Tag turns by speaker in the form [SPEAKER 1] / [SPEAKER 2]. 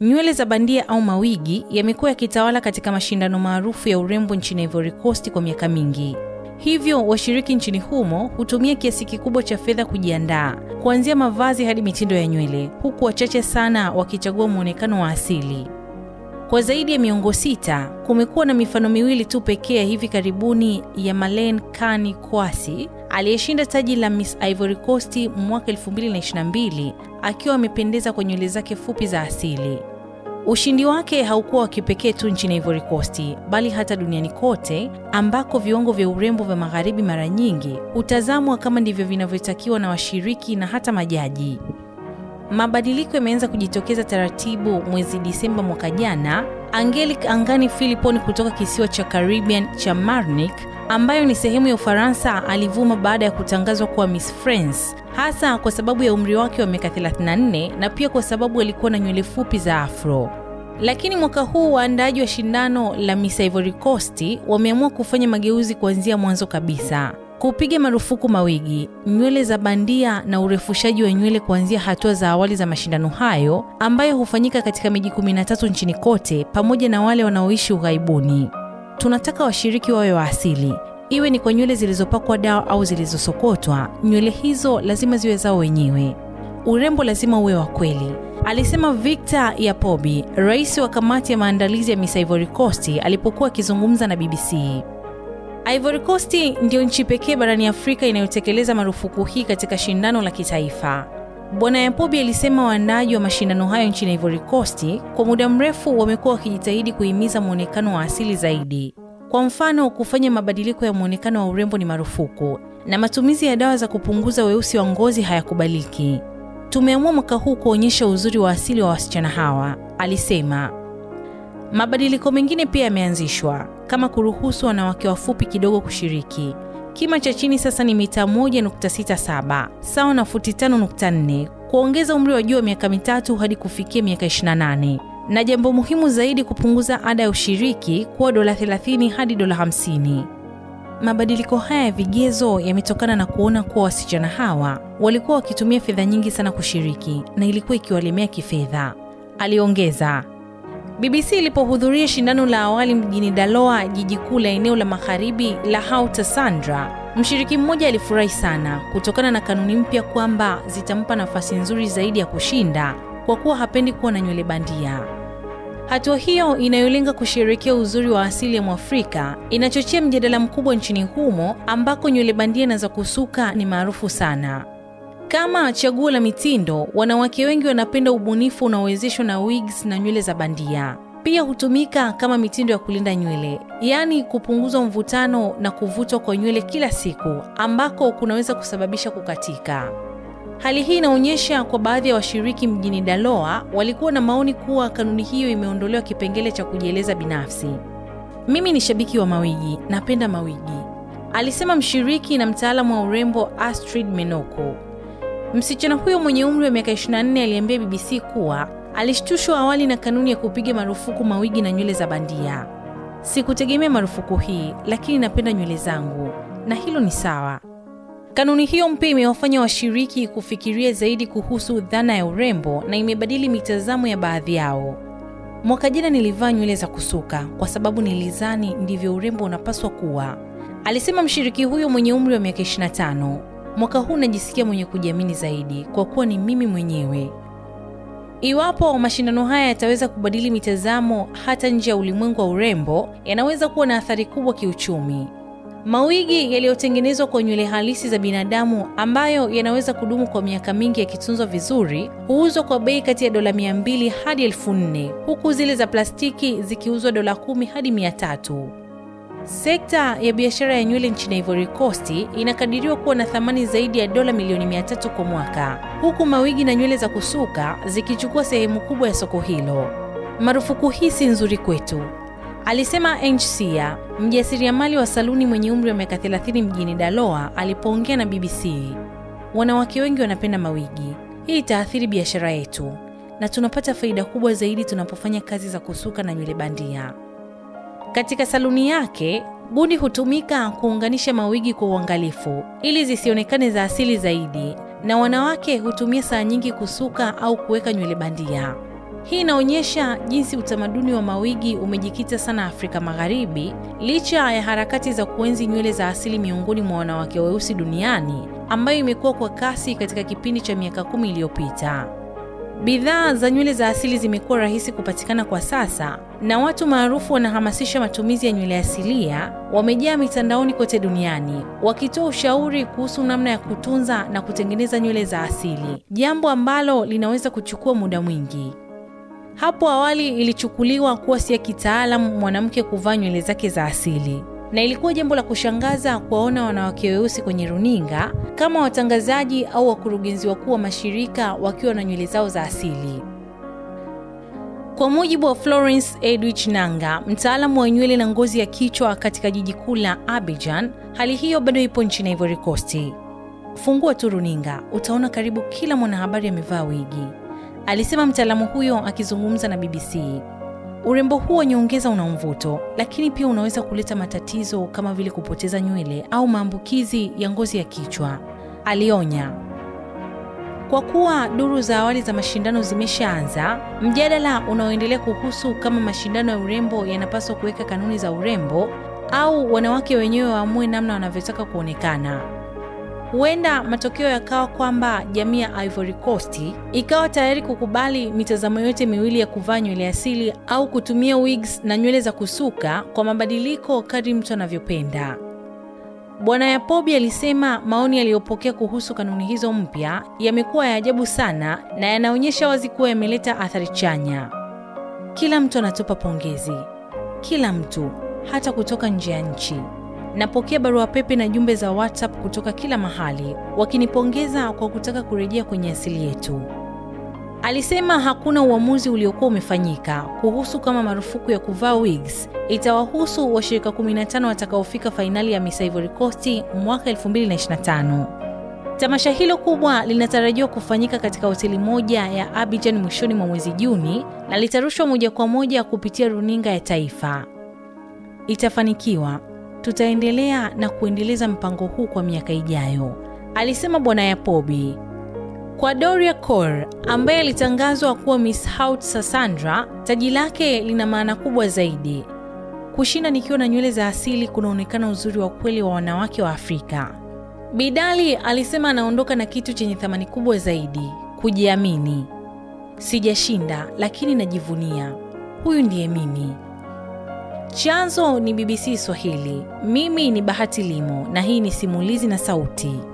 [SPEAKER 1] Nywele za bandia au mawigi yamekuwa yakitawala katika mashindano maarufu ya urembo nchini Ivory Coast kwa miaka mingi. Hivyo washiriki nchini humo hutumia kiasi kikubwa cha fedha kujiandaa, kuanzia mavazi hadi mitindo ya nywele, huku wachache sana wakichagua mwonekano wa asili. Kwa zaidi ya miongo sita, kumekuwa na mifano miwili tu pekee ya hivi karibuni ya malen Kani Kwasi aliyeshinda taji la Miss Ivory Coast mwaka 2022 akiwa amependeza kwa nywele zake fupi za asili. Ushindi wake haukuwa wa kipekee tu nchini Ivory Coast, bali hata duniani kote ambako viwango vya urembo vya magharibi mara nyingi hutazamwa kama ndivyo vinavyotakiwa na washiriki na hata majaji. Mabadiliko yameanza kujitokeza taratibu. Mwezi Disemba mwaka jana, Angelique Angani Philipon kutoka kisiwa cha Caribbean cha Martinique ambayo ni sehemu ya Ufaransa alivuma baada ya kutangazwa kuwa Miss France hasa kwa sababu ya umri wake wa miaka 34 na pia kwa sababu alikuwa na nywele fupi za afro. Lakini mwaka huu waandaaji wa shindano la Miss Ivory Coast wameamua kufanya mageuzi kuanzia mwanzo kabisa, kupiga marufuku mawigi, nywele za bandia na urefushaji wa nywele kuanzia hatua za awali za mashindano hayo ambayo hufanyika katika miji 13 nchini kote, pamoja na wale wanaoishi ughaibuni. Tunataka washiriki wawe wa asili, iwe ni kwa nywele zilizopakwa dawa au zilizosokotwa, nywele hizo lazima ziwe zao wenyewe. Urembo lazima uwe wa kweli, alisema Victor Yapobi, rais wa kamati ya maandalizi ya Miss Ivory Coast alipokuwa akizungumza na BBC. Ivory Coast nchi pekee barani Afrika inayotekeleza marufuku hii katika shindano la kitaifa. Bwana Yapobi alisema waandaaji wa mashindano hayo nchini Ivory Coast kwa muda mrefu wamekuwa wakijitahidi kuhimiza mwonekano wa asili zaidi. Kwa mfano, kufanya mabadiliko ya mwonekano wa urembo ni marufuku na matumizi ya dawa za kupunguza weusi wa ngozi hayakubaliki. Tumeamua mwaka huu kuonyesha uzuri wa asili wa wasichana hawa, alisema. Mabadiliko mengine pia yameanzishwa kama kuruhusu wanawake wafupi kidogo kushiriki. Kima cha chini sasa ni mita 1.67 sawa na futi 5.4, kuongeza umri wa juu wa miaka mitatu hadi kufikia miaka 28 na jambo muhimu zaidi, kupunguza ada ya ushiriki kuwa dola 30 hadi dola 50. Mabadiliko haya ya vigezo yametokana na kuona kuwa wasichana hawa walikuwa wakitumia fedha nyingi sana kushiriki na ilikuwa ikiwalemea kifedha, aliongeza. BBC ilipohudhuria shindano la awali mjini Daloa, jiji kuu la eneo la magharibi la Hauta Sandra, mshiriki mmoja alifurahi sana kutokana na kanuni mpya kwamba zitampa nafasi nzuri zaidi ya kushinda kwa kuwa hapendi kuwa na nywele bandia. Hatua hiyo inayolenga kusherekea uzuri wa asili ya Mwafrika inachochea mjadala mkubwa nchini humo ambako nywele bandia na za kusuka ni maarufu sana. Kama chaguo la mitindo, wanawake wengi wanapenda ubunifu unaowezeshwa na wigs na nywele za bandia. Pia hutumika kama mitindo ya kulinda nywele, yaani kupunguza mvutano na kuvutwa kwa nywele kila siku ambako kunaweza kusababisha kukatika. Hali hii inaonyesha kwa baadhi ya washiriki mjini Daloa walikuwa na maoni kuwa kanuni hiyo imeondolewa kipengele cha kujieleza binafsi. Mimi ni shabiki wa mawigi, napenda mawigi, alisema mshiriki na mtaalamu wa urembo Astrid Menoko. Msichana huyo mwenye umri wa miaka 24 aliambia BBC kuwa alishtushwa awali na kanuni ya kupiga marufuku mawigi na nywele za bandia. Sikutegemea marufuku hii, lakini napenda nywele zangu na hilo ni sawa. Kanuni hiyo mpya imewafanya washiriki kufikiria zaidi kuhusu dhana ya urembo na imebadili mitazamo ya baadhi yao. Mwaka jana nilivaa nywele za kusuka kwa sababu nilizani ndivyo urembo unapaswa kuwa, alisema mshiriki huyo mwenye umri wa miaka 25. Mwaka huu najisikia mwenye kujiamini zaidi kwa kuwa ni mimi mwenyewe. Iwapo mashindano haya yataweza kubadili mitazamo hata nje ya ulimwengu wa urembo, yanaweza kuwa na athari kubwa kiuchumi. Mawigi yaliyotengenezwa kwa nywele halisi za binadamu ambayo yanaweza kudumu kwa miaka mingi yakitunzwa vizuri huuzwa kwa bei kati ya dola 200 hadi elfu nne huku zile za plastiki zikiuzwa dola 10 hadi 300. Sekta ya biashara ya nywele nchini Ivory Coast inakadiriwa kuwa na thamani zaidi ya dola milioni 300 kwa mwaka, huku mawigi na nywele za kusuka zikichukua sehemu kubwa ya soko hilo. Marufuku hii si nzuri kwetu, Alisema Enchsia, mjasiriamali wa saluni mwenye umri wa miaka 30 mjini Daloa, alipoongea na BBC. Wanawake wengi wanapenda mawigi, hii itaathiri biashara yetu na tunapata faida kubwa zaidi tunapofanya kazi za kusuka na nywele bandia. Katika saluni yake, gundi hutumika kuunganisha mawigi kwa uangalifu ili zisionekane za asili zaidi, na wanawake hutumia saa nyingi kusuka au kuweka nywele bandia. Hii inaonyesha jinsi utamaduni wa mawigi umejikita sana Afrika Magharibi, licha ya harakati za kuenzi nywele za asili miongoni mwa wanawake weusi duniani, ambayo imekuwa kwa kasi katika kipindi cha miaka kumi iliyopita. Bidhaa za nywele za asili zimekuwa rahisi kupatikana kwa sasa, na watu maarufu wanahamasisha matumizi ya nywele asilia wamejaa mitandaoni kote duniani, wakitoa ushauri kuhusu namna ya kutunza na kutengeneza nywele za asili, jambo ambalo linaweza kuchukua muda mwingi. Hapo awali ilichukuliwa kuwa si ya kitaalamu mwanamke kuvaa nywele zake za asili, na ilikuwa jambo la kushangaza kuwaona wanawake weusi kwenye runinga kama watangazaji au wakurugenzi wakuu wa mashirika wakiwa na nywele zao za asili. Kwa mujibu wa Florence Edwich Nanga, mtaalamu wa nywele na ngozi ya kichwa katika jiji kuu la Abidjan, hali hiyo bado ipo nchini Ivory Coast. Fungua tu runinga, utaona karibu kila mwanahabari amevaa wigi alisema mtaalamu huyo akizungumza na BBC. Urembo huo nyongeza una mvuto, lakini pia unaweza kuleta matatizo kama vile kupoteza nywele au maambukizi ya ngozi ya kichwa, alionya. Kwa kuwa duru za awali za mashindano zimeshaanza, mjadala unaoendelea kuhusu kama mashindano ya urembo yanapaswa kuweka kanuni za urembo au wanawake wenyewe waamue namna wanavyotaka kuonekana huenda matokeo yakawa kwamba jamii ya Ivory Coast ikawa tayari kukubali mitazamo yote miwili ya kuvaa nywele asili au kutumia wigs na nywele za kusuka kwa mabadiliko kadri mtu anavyopenda. Bwana Yapobi alisema maoni aliyopokea kuhusu kanuni hizo mpya yamekuwa ya ajabu sana na yanaonyesha wazi kuwa yameleta athari chanya. Kila mtu anatupa pongezi, kila mtu, hata kutoka nje ya nchi. Napokea barua pepe na jumbe za WhatsApp kutoka kila mahali wakinipongeza kwa kutaka kurejea kwenye asili yetu. Alisema hakuna uamuzi uliokuwa umefanyika kuhusu kama marufuku ya kuvaa wigs itawahusu washirika 15 watakaofika fainali ya Miss Ivory Coast mwaka 2025. Tamasha hilo kubwa linatarajiwa kufanyika katika hoteli moja ya Abidjan mwishoni mwa mwezi Juni na litarushwa moja kwa moja kupitia runinga ya taifa. Itafanikiwa tutaendelea na kuendeleza mpango huu kwa miaka ijayo, alisema Bwana Yapobi. Kwa Doria Cor ambaye alitangazwa kuwa Miss Haut Sasandra, taji lake lina maana kubwa zaidi. Kushinda nikiwa na nywele za asili kunaonekana uzuri wa kweli wa wanawake wa Afrika. Bidali alisema anaondoka na kitu chenye thamani kubwa zaidi, kujiamini. Sijashinda lakini najivunia. Huyu ndiye mimi. Chanzo ni BBC Swahili. Mimi ni Bahati Limo na hii ni Simulizi na Sauti.